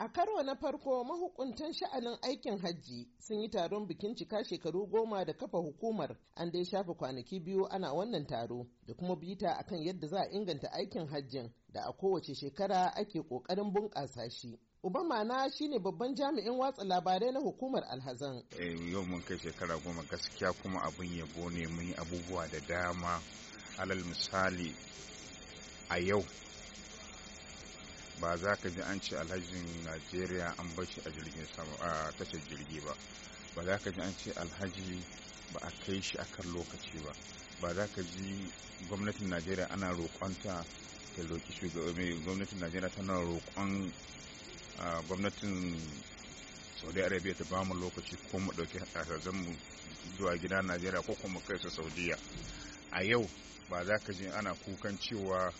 A karo na farko mahukuntan sha'anin aikin hajji sun yi taron bikin cika shekaru goma da kafa hukumar an dai shafa kwanaki biyu ana wannan taro da kuma bita akan yadda za a inganta aikin hajjin da a kowace shekara ake kokarin bunƙasa shi. Uba mana shine babban jami'in watsa labarai na hukumar alhazan. Eh, yau mun kai shekara goma gaskiya kuma abin yabo ne mun yi abubuwa da dama alal misali a yau ba za ka ji an ce alhajin najeriya an bashi a jirgin sama a tashar jirgi ba ba za ka ji an ce alhaji ba a kai shi akan lokaci ba ba za ka ji gwamnatin najeriya ana roƙonta ta roƙi shugabanni gwamnatin najeriya tana roƙon gwamnatin saudi arabia ta ba mu lokaci ko mu ɗauki a mu zuwa gida najeriya ko kuma kai su saudiya a yau ba za ka ji ana kukan cewa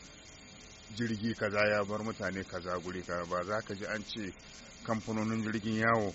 jirgi kaza ya bar mutane kaza guri kaza ba za ka ji an ce kamfanonin jirgin yawo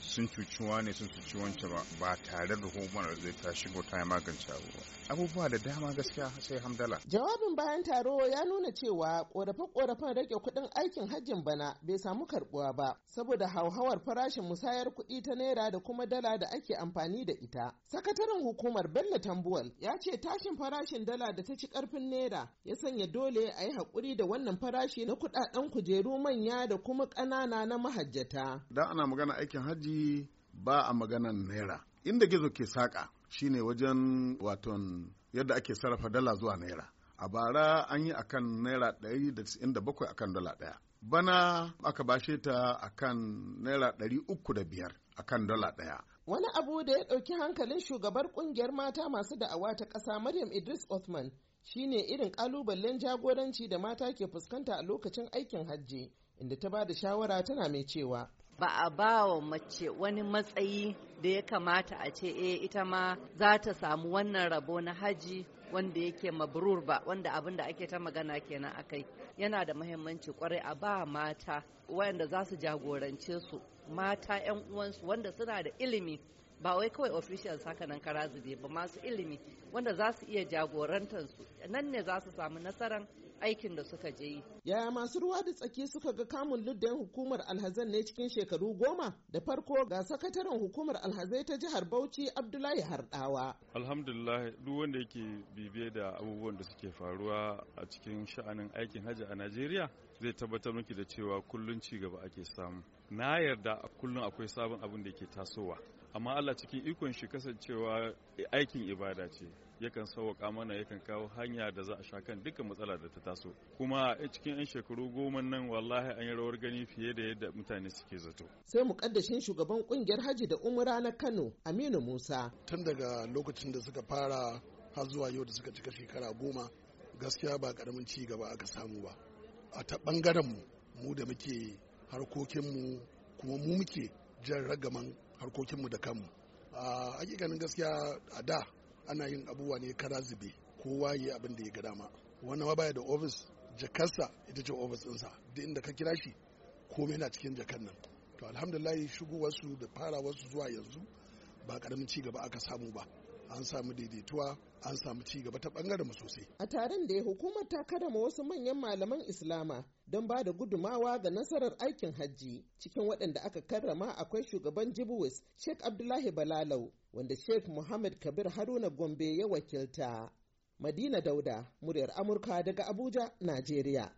sun cuci ne sun cuci wancan ba tare da hukumar zai ta shigo ta yi magance abubuwa abubuwa da dama gaskiya sai hamdala jawabin bayan taro ya nuna cewa korafe-korafen rage kuɗin aikin hajjin bana bai samu karbuwa ba saboda hauhawar farashin musayar kuɗi ta naira da kuma dala da ake amfani da ita sakataren hukumar bello tambuwal ya ce tashin farashin dala da ta ci karfin naira ya sanya dole a yi haƙuri da wannan farashi na kuɗaɗen kujeru manya da kuma ƙanana na mahajjata da ana magana aikin alhaji ba a maganan naira inda gizo ke saƙa shine wajen waton yadda ake sarrafa dala zuwa naira a bara an yi akan naira 197 akan dala ɗaya bana aka bashe ta akan naira 305 akan dala ɗaya wani abu da ya ɗauki hankalin shugabar ƙungiyar mata masu da'awa ta ƙasa maryam idris othman shine irin ƙalubalen jagoranci da mata ke fuskanta a lokacin aikin hajji inda ta ba da shawara tana mai cewa ba a ba wa mace wani matsayi da ya kamata a ce e ita ma za ta samu wannan rabo na haji wanda yake mabrur ba wanda abin da ake ta magana kenan a kai yana da muhimmanci kwarai a ba mata wanda za su jagorance su mata 'yan uwansu wanda suna da ilimi ba wai kawai official saka nan kara ba masu ilimi wanda za su iya jagorantar nan ne za su samu nasaran. aikin da suka je yi. Yaya masu ruwa da tsaki suka ga kamun luddayin hukumar alhazan ne cikin shekaru goma da farko ga sakataren hukumar alhazai ta jihar Bauchi Abdullahi Hardawa. Alhamdulillah duk wanda yake bibiye da abubuwan da suke faruwa a cikin sha'anin aikin hajji a Najeriya zai tabbatar miki da cewa kullun ci gaba ake samu. Na yarda kullum akwai sabon abin da ke tasowa. amma Allah cikin ikon shi kasancewa aikin ibada ce yakan sauwaka mana yakan kawo hanya da za a sha kan dukkan matsala da ta taso kuma a cikin 'yan shekaru goma nan wallahi an yi rawar gani fiye da yadda mutane suke zato sai mu ƙaddashin shugaban kungiyar haji da umra na Kano Aminu Musa tun daga lokacin da suka fara har zuwa yau da suka cika shekara goma gaskiya ba karamin ci gaba aka samu ba a ta bangaren mu mu da muke harkokin mu kuma mu muke jan ragaman harkokinmu da kanmu a hakikanin gaskiya a da ana yin abubuwa ne kara zube kowa waye abin da ya ga dama wannan ma baya da ofis jakarsa ita ce ofis ɗinsa duk inda ka kira shi komai yana cikin jakar nan to alhamdulillah shigowarsu da fara farawarsu zuwa yanzu ba karamin ci gaba aka samu ba an samu daidaituwa an samu ci gaba ta bangaren mu sosai a taron da ya hukumar ta karama wasu manyan malaman islama don ba da gudumawa ga nasarar aikin hajji cikin waɗanda aka karrama akwai shugaban jibuwis sheikh abdullahi balalau wanda sheikh muhammad kabir haruna gombe ya wakilta madina dauda muryar amurka daga abuja najeriya